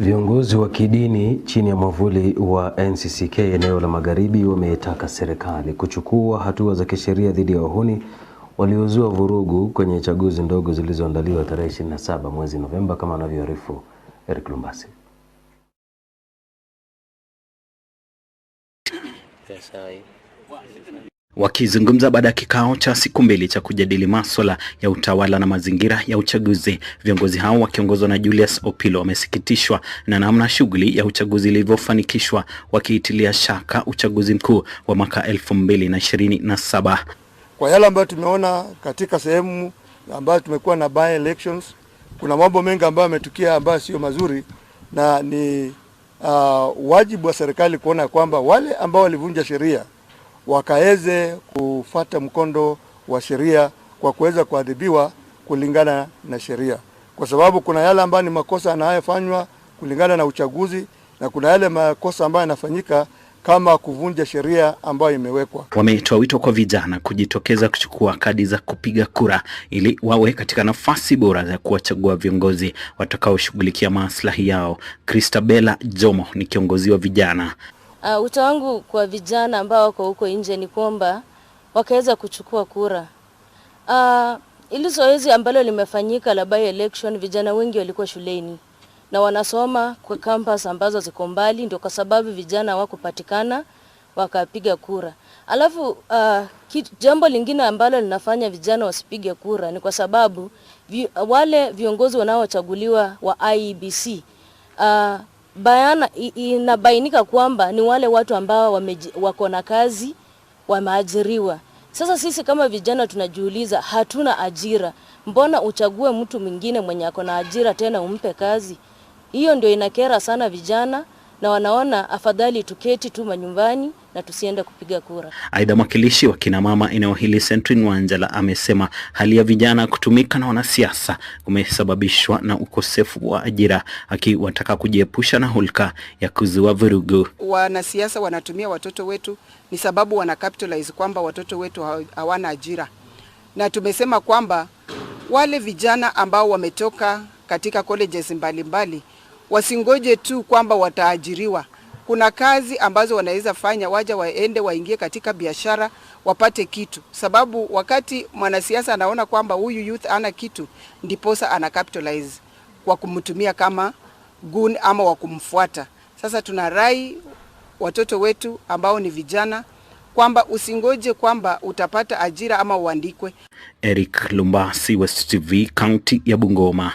Viongozi wa kidini chini ya mwavuli wa NCCK eneo la Magharibi wameitaka serikali kuchukua hatua za kisheria dhidi ya wahuni waliozua vurugu kwenye chaguzi ndogo zilizoandaliwa tarehe 27 mwezi Novemba, kama anavyoarifu Eric Lumbasi. Wakizungumza baada ya kikao cha siku mbili cha kujadili maswala ya utawala na mazingira ya uchaguzi, viongozi hao wakiongozwa na Julius Opilo wamesikitishwa na namna shughuli ya uchaguzi ilivyofanikishwa, wakiitilia shaka uchaguzi mkuu wa mwaka elfu mbili na ishirini na saba kwa yale ambayo tumeona katika sehemu ambayo tumekuwa na by elections. Kuna mambo mengi ambayo yametukia ambayo sio mazuri na ni uh, wajibu wa serikali kuona kwamba wale ambao walivunja sheria wakaweze kufata mkondo wa sheria kwa kuweza kuadhibiwa kulingana na sheria, kwa sababu kuna yale ambayo ni makosa yanayofanywa kulingana na uchaguzi na kuna yale makosa ambayo yanafanyika kama kuvunja sheria ambayo imewekwa. Wametoa wito kwa vijana kujitokeza kuchukua kadi za kupiga kura ili wawe katika nafasi bora za kuwachagua viongozi watakaoshughulikia maslahi yao. Christabella Jomo ni kiongozi wa vijana. Uh, wito wangu kwa vijana ambao wako huko nje ni kwamba wakaweza kuchukua kura. Uh, ili zoezi ambalo limefanyika la by election, vijana wengi walikuwa shuleni na wanasoma kwa campus ambazo ziko mbali, ndio kwa sababu vijana hawakupatikana wakapiga kura. Alafu uh, jambo lingine ambalo linafanya vijana wasipige kura ni kwa sababu vi, wale viongozi wanaochaguliwa wa IEBC uh, bayana inabainika kwamba ni wale watu ambao wako na kazi wameajiriwa. Sasa sisi kama vijana tunajiuliza, hatuna ajira, mbona uchague mtu mwingine mwenye ako na ajira tena umpe kazi? Hiyo ndio inakera sana vijana, na wanaona afadhali tuketi tu manyumbani na tusiende kupiga kura. Aidha, mwakilishi wa kinamama eneo hili Sentrin Wanjala amesema hali ya vijana kutumika na wanasiasa kumesababishwa na ukosefu wa ajira, akiwataka kujiepusha na hulka ya kuzua vurugu. Wanasiasa wanatumia watoto wetu, ni sababu wana capitalize kwamba watoto wetu hawana ajira, na tumesema kwamba wale vijana ambao wametoka katika colleges mbalimbali wasingoje tu kwamba wataajiriwa kuna kazi ambazo wanaweza fanya, waja waende waingie katika biashara wapate kitu, sababu wakati mwanasiasa anaona kwamba huyu youth ana kitu, ndiposa ana capitalize kwa kumtumia kama gun ama wa kumfuata. Sasa tuna rai watoto wetu ambao ni vijana kwamba usingoje kwamba utapata ajira ama uandikwe. Eric Lumbasi, West TV, kaunti ya Bungoma.